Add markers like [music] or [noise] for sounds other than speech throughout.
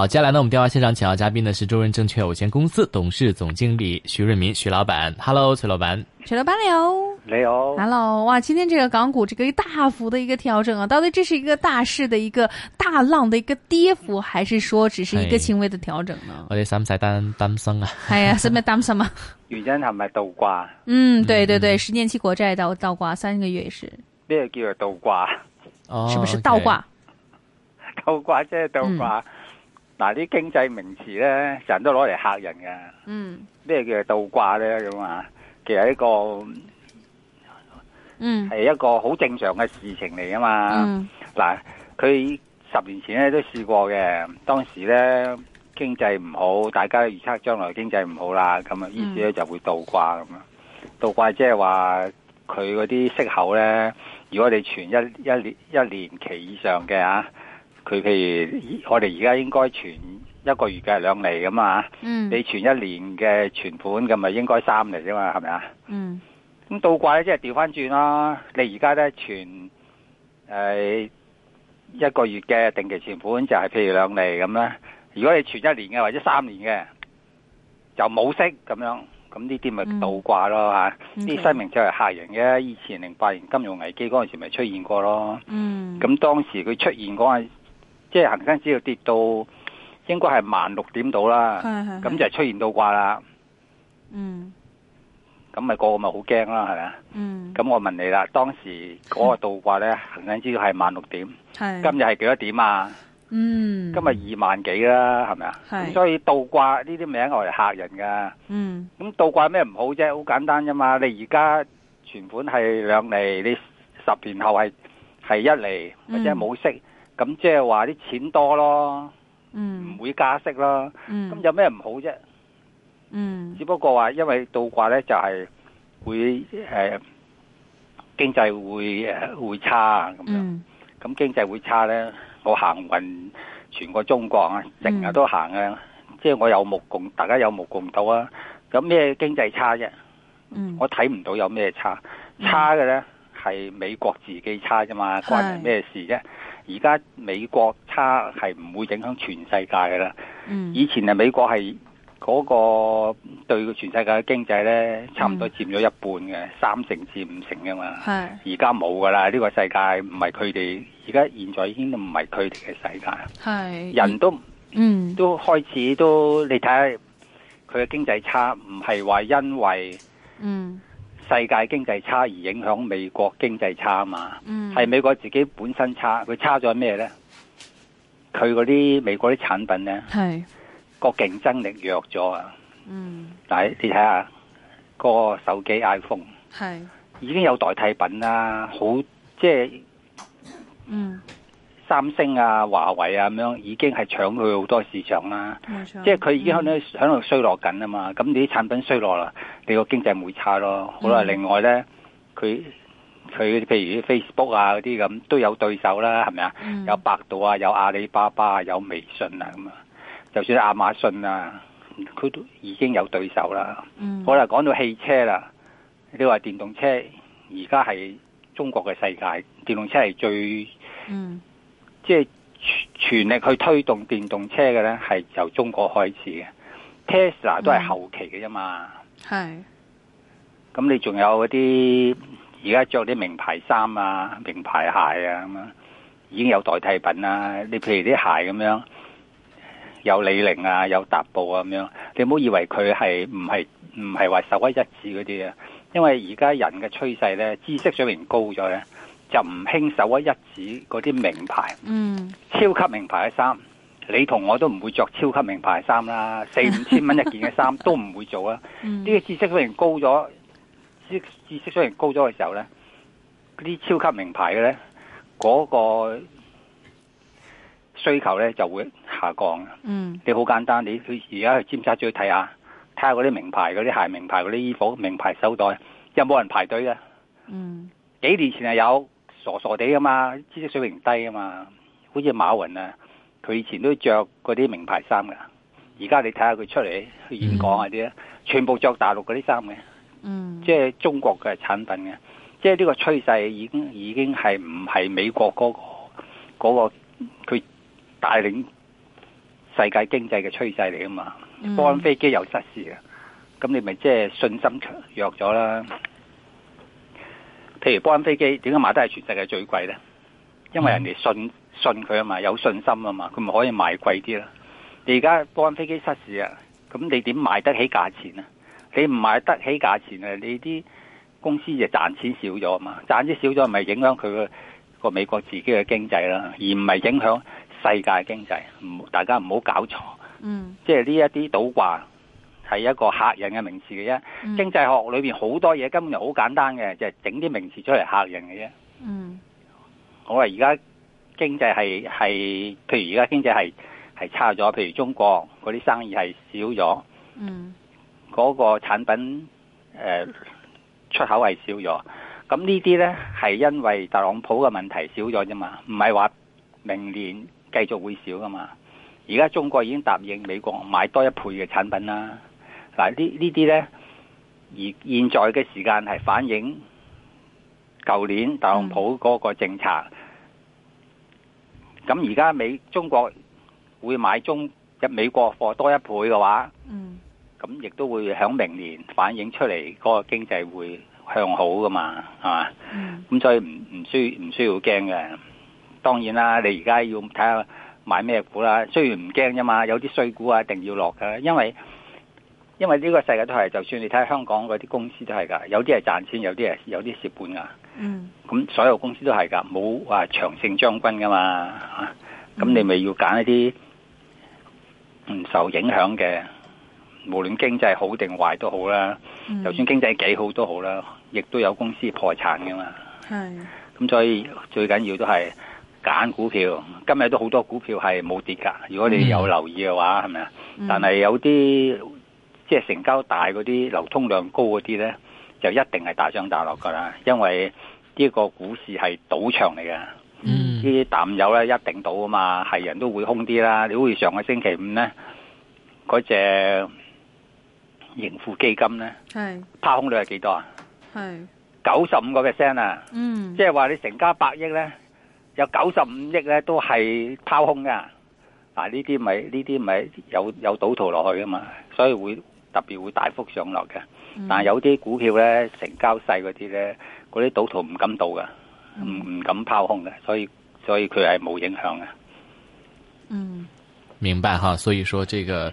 好，接下來呢，我們電話現場請到嘉賓的是中潤證券有限公司董事總經理徐潤民，徐老闆。Hello，崔老闆。崔老板，你好。你好。Hello，哇，今天這個港股這個一大幅的一個調整啊，到底這是一個大市的一個大浪的一個跌幅，還是說只是一個輕微的調整呢？我哋使唔使擔擔心啊？係啊，使唔使擔心啊？原因係咪倒掛？嗯，對對對，十年期國債倒倒掛，三個月是。咩叫做倒掛？哦，是不是倒掛？倒掛即係倒掛。嗱，啲經濟名詞咧，成日都攞嚟嚇人嘅。嗯，咩叫做倒掛咧？咁啊，其實一個，嗯，係一個好正常嘅事情嚟啊嘛。嗯，嗱，佢十年前咧都試過嘅，當時咧經濟唔好，大家都預測將來經濟唔好啦，咁啊，意思咧就會倒掛咁啊、嗯。倒掛即係話佢嗰啲息口咧，如果你存一一年一年期以上嘅佢譬如我哋而家應該存一個月嘅兩厘咁嘛，你存一年嘅存款咁咪應該三厘啫嘛，係咪啊？嗯。咁倒掛呢即係調翻轉啦。你而家咧存誒一個月嘅定期存款就係譬如兩厘咁啦，如果你存一年嘅或者三年嘅就冇息咁樣，咁呢啲咪倒掛咯嚇。呢啲生命就係嚇人嘅，以前零八年金融危機嗰陣時咪出現過咯。嗯。咁當時佢出現嗰即係恒生指數跌到應該，應該係萬六點到啦，咁就出現倒掛啦。嗯，個個，咁咪個咪好驚啦，係咪啊？嗯，咁我問你啦，當時嗰個倒掛咧，恒生指數係萬六點，是是今日係幾多點啊？嗯，今，今日二萬幾啦，係咪啊？係，所以倒掛呢啲名我嚟吓人噶。嗯，掛，咁倒掛咩唔好啫？好簡單咋嘛？你而家存款係兩厘，你十年後係係一厘或者冇息。嗯咁即係話啲錢多咯，唔、嗯、會加息啦。咁、嗯、有咩唔好啫、嗯？只不過話因為倒掛咧就係會誒、欸、經濟會誒會差啊咁樣。咁、嗯、經濟會差咧，我行勻全個中國啊，成日都行啊、嗯。即係我有目共，大家有目共睹啊。咁咩經濟差啫、嗯？我睇唔到有咩差，差嘅咧係美國自己差啫嘛，關人咩事啫？而家美國差係唔會影響全世界噶啦，以前啊美國係嗰個對全世界嘅經濟咧，差唔多佔咗一半嘅三成至五成噶嘛，而家冇噶啦，呢個世界唔係佢哋，而家現在已經都唔係佢哋嘅世界，人都嗯都開始都你睇下佢嘅經濟差，唔係話因為嗯。世界經濟差而影響美國經濟差嘛？係、嗯、美國自己本身差，佢差咗咩呢？佢嗰啲美國啲產品呢，個競爭力弱咗啊！嗯、但你睇下、個手機 iPhone，已經有代替品啦，好即係嗯。三星啊、華為啊咁樣已經係搶佢好多市場啦，即係佢已經喺度、嗯、衰落緊啊嘛。咁你啲產品衰落啦，你個經濟唔會差咯。好啦，嗯、另外呢，佢佢譬如啲 Facebook 啊嗰啲咁都有對手啦，係咪啊？有百度啊，有阿里巴巴、啊，有微信啊咁啊。就算亞馬遜啊，佢都已經有對手啦、嗯。好啦，講到汽車啦，你話電動車而家係中國嘅世界，電動車係最嗯。即係全力去推動電動車嘅呢，係由中國開始嘅。Tesla 都係後期嘅啫嘛。係、mm.。咁你仲有嗰啲而家着啲名牌衫啊、名牌鞋啊咁啊，已經有代替品啦。你譬如啲鞋咁樣，有李寧啊，有踏步啊咁樣。你唔好以為佢係唔係唔係話十規一,一致嗰啲啊。因為而家人嘅趨勢呢，知識水平高咗呢。就唔輕手一指嗰啲名牌、嗯，超級名牌嘅衫，你同我都唔會着超級名牌衫啦，四五千蚊一件嘅衫 [laughs] 都唔會做啦。呢、嗯、個知識雖然高咗，知知識雖然高咗嘅時候咧，啲超級名牌嘅咧，嗰、嗰個需求咧就會下降。嗯，你好簡單，你去而家去尖沙咀睇下，睇下嗰啲名牌嗰啲鞋、名牌嗰啲衣服、名牌手袋，又冇人排隊嘅。嗯，幾年前係有。傻傻地啊嘛，知識水平低啊嘛，好似馬雲啊，佢以前都着嗰啲名牌衫噶，而家你睇下佢出嚟去演講嗰啲咧，mm. 全部着大陸嗰啲衫嘅，嗯、mm.，即係中國嘅產品嘅，即係呢個趨勢已經已經係唔係美國嗰、嗰個佢、嗰個、帶領世界經濟嘅趨勢嚟啊嘛，波、mm. 音飛機又失事啊，咁你咪即係信心弱咗啦。譬如波音飛機點解賣得係全世界最貴呢？因為人哋信信佢啊嘛，有信心啊嘛，佢咪可以賣貴啲咯。你而家波音飛機失事啊，咁你點賣得起價錢啊？你唔賣得起價錢啊，你啲公司就賺錢少咗啊嘛，賺錢少咗咪影響佢個美國自己嘅經濟啦，而唔係影響世界的經濟。唔，大家唔好搞錯。嗯。即係呢一啲倒掛。係一個嚇人嘅名詞嘅啫，經濟學裏邊好多嘢根本就好簡單嘅，就係整啲名詞出嚟吓人嘅啫。嗯，我話而家經濟係係，譬如而家經濟係係差咗，譬如中國嗰啲生意係少咗。嗯，嗰個產品誒、呃、出口係少咗，咁呢啲咧係因為特朗普嘅問題少咗啫嘛，唔係話明年繼續會少噶嘛。而家中國已經答應美國買多一倍嘅產品啦。嗱，呢呢啲咧，而現在嘅時間係反映舊年特朗普嗰個政策，嗯現在，咁而家美中國會買中入美國貨多一倍嘅話，咁、嗯、亦都會喺明年反映出嚟，嗰個經濟會向好噶嘛，係嘛？咁、嗯、所以唔唔需唔需要驚嘅。當然啦，你而家要睇下買咩股啦，雖然唔驚啫嘛，有啲衰股啊，一定要落㗎，因為。因為呢個世界都係，就算你睇香港嗰啲公司都係㗎，有啲係賺錢，有啲係有啲蝕本㗎。嗯。咁所有公司都係㗎，冇話長勝將軍㗎嘛。嚇。咁你咪要揀一啲唔受影響嘅，無論經濟好定壞都好啦。嗯。就算經濟幾好都好啦，亦都有公司破產㗎嘛。係。咁所以最緊要都係揀股票。今日都好多股票係冇跌㗎。如果你有留意嘅話，係咪啊？嗯。但係有啲。即係成交大嗰啲、流通量高嗰啲咧，就一定係大上大落噶啦，因為呢個股市係賭場嚟噶。嗯，啲淡友咧一定賭啊嘛，係人都會空啲啦。你好似上個星期五咧，嗰隻盈富基金咧，係拋空率係幾多啊？係九十五個 percent 啊！嗯，即係話你成交百億咧，有九十五億咧都係拋空噶。嗱呢啲咪呢啲咪有有賭徒落去啊嘛，所以會。特別會大幅上落嘅，但係有啲股票咧，成交細嗰啲咧，嗰啲賭徒唔敢賭噶，唔唔敢拋空嘅，所以所以佢係冇影響嘅。嗯，明白哈，所以說這個。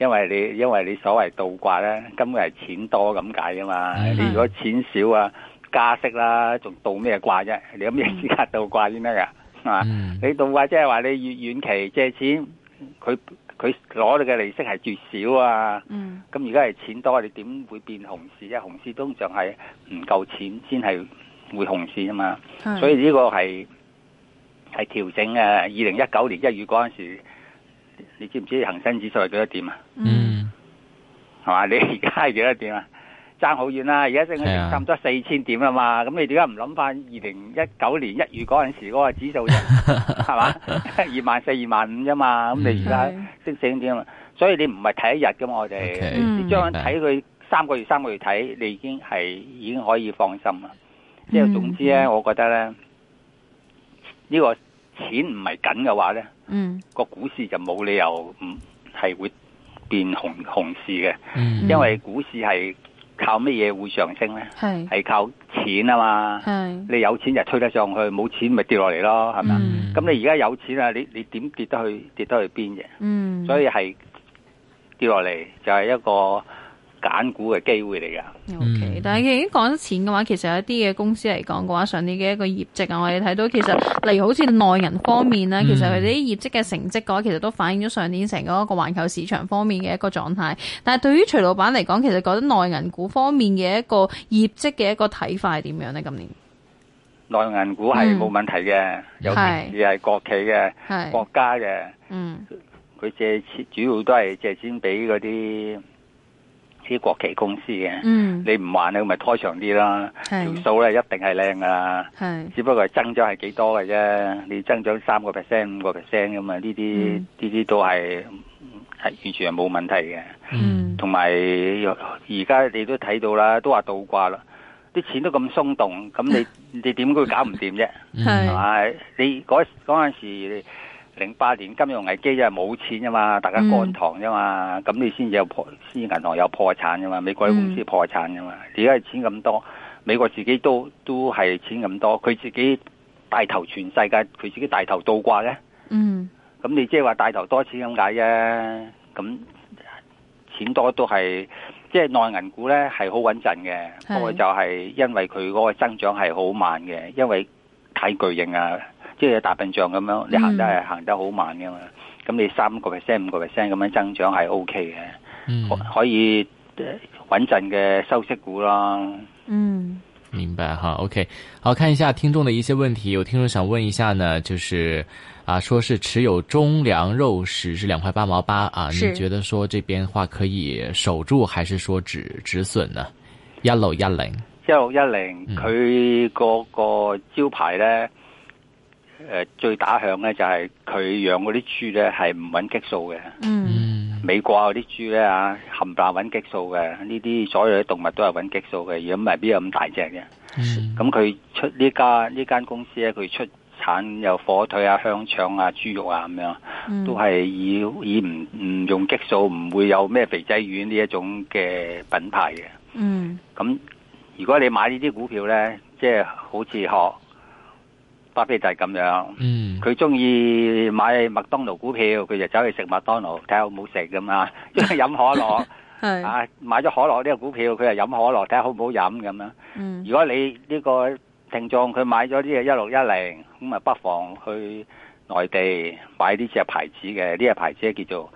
因為你因為你所謂倒掛咧，根本係錢多咁解噶嘛。Mm -hmm. 你如果錢少啊，加息啦、啊，仲倒咩掛啫？你有咩資格倒掛先得噶？啊、mm -hmm.，你倒掛即係話你越遠期借錢，佢佢攞你嘅利息係最少啊。咁而家係錢多，你點會變熊市啫？熊市通常係唔夠錢先係會熊市啊嘛。Mm -hmm. 所以呢個係係調整啊，二零一九年一月嗰陣時。你知唔知恒生指數係幾多點啊？嗯，係嘛？你而家係幾多點啊？爭好遠啦！而家升咗差唔多四千點啦嘛。咁你點解唔諗翻二零一九年一月嗰陣時嗰個指數啫係嘛？二萬四、二萬五啫嘛。咁你而家升四千點啊？所以你唔係睇一日噶嘛，我哋，okay, 嗯、你將睇佢三個月、三個月睇，你已經係已經可以放心啦。即、嗯、係總之咧、嗯，我覺得咧呢、這個。錢唔係緊嘅話呢個、嗯、股市就冇理由係會變紅紅市嘅、嗯，因為股市係靠乜嘢會上升呢？係靠錢啊嘛，你有錢就推得上去，冇錢咪跌落嚟咯，係、嗯、咪？咁你而家有錢啊，你你點跌得去？跌得去邊嘅、嗯？所以係跌落嚟就係一個。揀股嘅機會嚟㗎。Okay，但係已經講錢嘅話，其實有一啲嘅公司嚟講嘅話，上年嘅一個業績啊，我哋睇到其實，例如好似內銀方面咧，其實佢哋啲業績嘅成績嘅話，其實都反映咗上年成個一個環球市場方面嘅一個狀態。但係對於徐老闆嚟講，其實覺得內銀股方面嘅一個業績嘅一個睇法係點樣呢？今年內銀股係冇問題嘅、嗯，尤其係國企嘅，國家嘅，嗯，佢借錢主要都係借錢俾嗰啲。啲國企公司嘅、嗯，你唔玩你咪拖長啲啦，條數咧一定係靚噶，只不過係增長係幾多嘅啫，你增長三個 percent、五個 percent 咁嘛，呢啲呢啲都係係完全係冇問題嘅，同埋而家你都睇到啦，都話倒掛啦，啲錢都咁鬆動，咁 [laughs] 你你點會搞唔掂啫？係咪？你嗰嗰陣零八年金融危機啊，因為冇錢啊嘛，大家乾塘啫嘛，咁、嗯、你先至有破，先銀行有破產噶嘛，美國啲公司破產噶嘛。而家係錢咁多，美國自己都都係錢咁多，佢自己帶頭全世界，佢自己帶頭倒掛嘅。嗯，咁你即係話帶頭多錢咁解啫，咁錢多都係即係內銀股咧係好穩陣嘅，不過就係因為佢嗰個增長係好慢嘅，因為太巨型啊。即、就、係、是、大笨象咁樣，你行得係、嗯、行得好慢嘅嘛。咁你三個 percent、五個 percent 咁樣增長係 OK 嘅、嗯，可可以穩陣嘅收息股啦。嗯，明白哈。OK，好，看一下聽眾的一些問題。有聽眾想問一下呢，就是啊，說是持有中糧肉食是兩塊八毛八啊，你覺得說這邊話可以守住，還是說止止損呢？一六一零，一六一零，佢個個招牌咧。誒，最打響咧就係佢養嗰啲豬咧係唔搵激素嘅。嗯，美國嗰啲豬咧吓，冚唪唥搵激素嘅，呢啲所有啲動物都係搵激素嘅，如果唔係邊有咁大隻嘅？咁佢出呢家呢間公司咧，佢出產有火腿啊、香腸啊、豬肉啊咁樣，都係以以唔唔用激素，唔會有咩肥仔丸呢一種嘅品牌嘅。嗯，咁如果你買呢啲股票咧，即係好似學。巴菲特就係、是、咁樣，佢中意買麥當勞股票，佢就走去食麥當勞，睇下好唔好食咁啊，因為飲可樂。係 [laughs] 啊，買咗可樂呢個股票，佢就飲可樂，睇下好唔好飲咁樣。如果你呢個聽眾佢買咗呢個一六一零，咁啊不妨去內地買呢隻牌子嘅，呢隻牌子叫做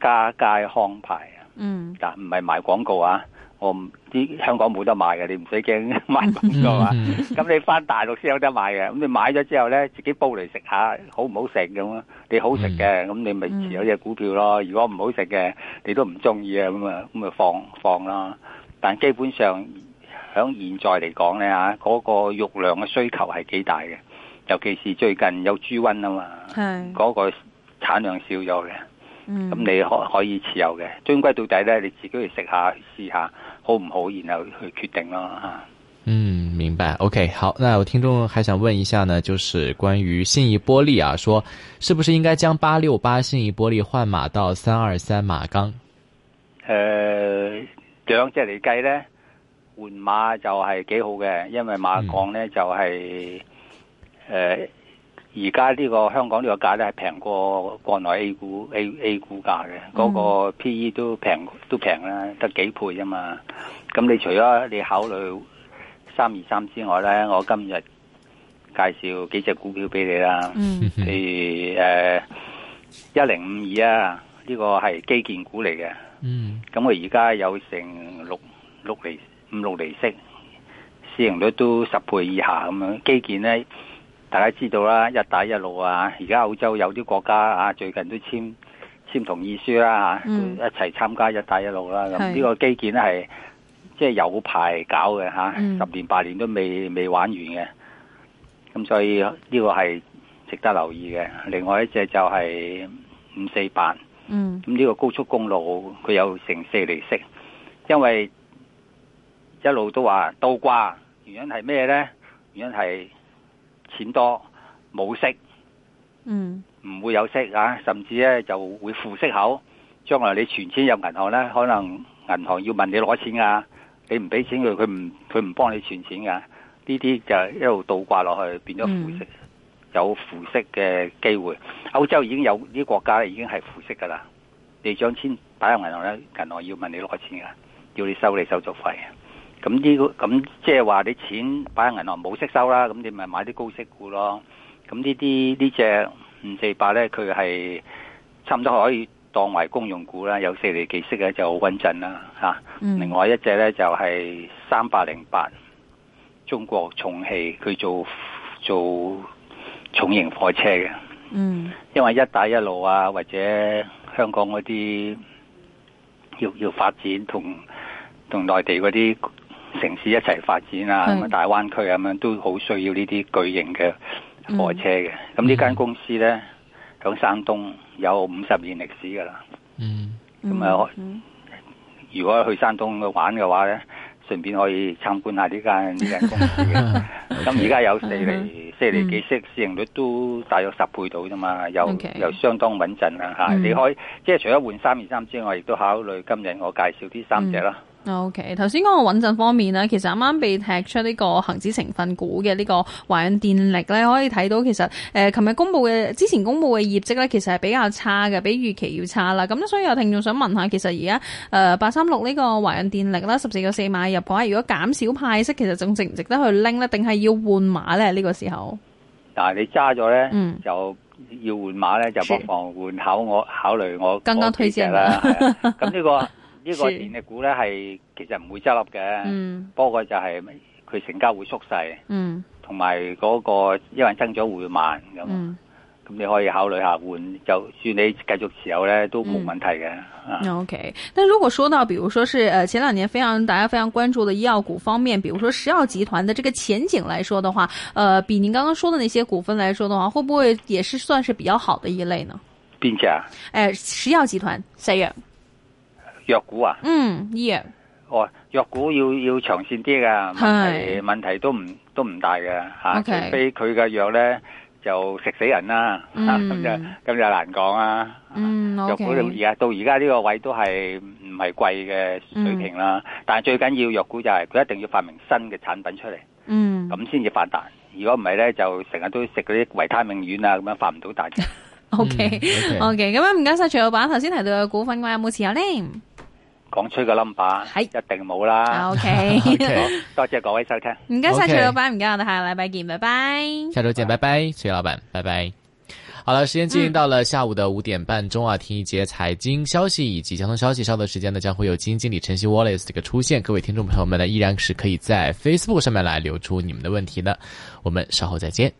家佳康牌啊。嗯，但唔係賣廣告啊。我唔知香港冇得買嘅，你唔使驚買唔到啊嘛。咁、mm -hmm. 你翻大陸先有得買嘅。咁你買咗之後咧，自己煲嚟食下，好唔好食咁啊？你好食嘅，咁你咪持有隻股票咯。如果唔好食嘅，你都唔中意啊，咁啊咁咪放放咯。但基本上響現在嚟講咧嚇，嗰個肉量嘅需求係幾大嘅，尤其是最近有豬瘟啊嘛，嗰個產量少咗嘅。咁、嗯、你可可以持有嘅，終歸到底呢，你自己去食下試下，試下好唔好，然後去決定咯。嗯，明白。OK，好。那我聽眾還想問一下呢，就是關於信義玻璃啊，說是不是應該將八六八信義玻璃換馬到三二三馬鋼？誒、呃，兩隻嚟計呢，換馬就係幾好嘅，因為馬鋼呢、嗯、就係、是、誒。呃而家呢個香港呢個價咧係平過國內 A 股 A A 股價嘅，嗰、那個 P E 都平都平啦，得幾倍啫嘛。咁你除咗你考慮三二三之外咧，我今日介紹幾隻股票俾你啦。嗯， [laughs] 譬如誒一零五二啊，呢、這個係基建股嚟嘅。嗯，咁我而家有成六六厘五六厘息，市盈率都十倍以下咁樣，基建咧。大家知道啦，一帶一路啊，而家澳洲有啲國家啊，最近都簽簽同意書啦嚇，一齊參加一帶一路啦、啊嗯。咁呢個基建咧係即係有排搞嘅吓、啊、十年八年都未未玩完嘅。咁所以呢個係值得留意嘅。另外一隻就係五四八、嗯，咁呢個高速公路佢有成四釐息，因為一路都話倒掛，原因係咩咧？原因係。錢多冇息，嗯，唔會有息啊，甚至咧就會負息口。將來你存錢入銀行咧，可能銀行要問你攞錢啊，你唔俾錢佢，佢唔佢唔幫你存錢噶。呢啲就一路倒掛落去，變咗負息，嗯、有負息嘅機會。歐洲已經有啲國家已經係負息噶啦。你將錢擺入銀行咧，銀行要問你攞錢噶，要你收你手續費。咁呢個咁即係話你錢擺喺銀行冇息收啦，咁你咪買啲高息股咯。咁呢啲呢隻五四八咧，佢係差唔多可以當為公用股啦，有四釐幾息嘅就好穩陣啦。嗯，另外一隻咧就係三百零八，中國重汽佢做做重型貨車嘅。嗯，因為一帶一路啊，或者香港嗰啲要要發展同同內地嗰啲。城市一齊發展啊，咁啊大灣區咁樣都好需要呢啲巨型嘅貨車嘅。咁呢間公司呢，響、嗯、山東有五十年歷史噶啦。嗯，咁啊、嗯，如果去山東去玩嘅話呢，順便可以參觀下呢間呢間公司嘅。咁而家有四厘、嗯、四厘幾息，市盈率都大約十倍到啫嘛，又、嗯、又相當穩陣啦吓。你可以即係、就是、除咗換三二三之外，亦都考慮今日我介紹啲三隻啦。嗯 O.K. 頭先講個穩陣方面咧，其實啱啱被踢出呢個恆指成分股嘅呢個華潤電力咧，可以睇到其實誒，呃、琴日公佈嘅之前公佈嘅業績咧，其實係比較差嘅，比預期要差啦。咁咧，所以有聽眾想問下，其實而家誒八三六呢個華潤電力啦，十四個四買入，講下如果減少派息，其實仲值唔值得去拎呢？定係要換馬咧？呢、這個時候，但、啊、係你揸咗咧，就要換馬咧，就不妨換考我考慮我啲嘅啦。咁呢、啊這個。 [laughs] 呢、這個電力股咧係其實唔會執笠嘅，不過、嗯、就係佢成交會縮細，同埋嗰個因為增長會慢咁，咁、嗯、你可以考慮下換，就算你繼續持有咧都冇問題嘅、嗯啊。OK，但如果說到，比如說是誒前兩年非常大家非常關注的醫藥股方面，比如說石藥集團的這個前景來說的話，誒、呃、比您剛剛說的那些股份來說的話，會不會也是算是比較好的一類呢？邊隻、啊？誒，石藥集團 s i 藥股啊，嗯，藥、yeah.，哦，藥股要要長線啲噶，係問，問題都唔都唔大嘅吓。除、okay. 非佢嘅藥咧就食死人啦，咁、嗯啊、就咁就難講啊。藥、嗯 okay. 股到而家到而家呢個位都係唔係貴嘅水平啦、嗯，但係最緊要藥股就係佢一定要發明新嘅產品出嚟，嗯，咁先至反彈。如果唔係咧就成日都食嗰啲維他命丸啊咁樣發，發唔到大。O K O K，咁啊唔該晒徐老闆，頭先提到嘅股份嘅話有冇持有呢？講出個 number，係一定冇啦。OK，我 [laughs] 多謝各位收聽。唔該晒，徐老闆，唔該，我哋下個禮拜見，拜拜。Bye. Bye. Bye. 下周見，拜拜，徐老闆，拜拜。好了，時間進行了到了下午的五點半鐘啊，聽一節財經消息以及交通消息。稍後時間呢，將會有基金經理陳希 Wallace 這個出現。各位聽眾朋友們呢，依然是可以在 Facebook 上面來留出你們的問題呢。我們稍後再見。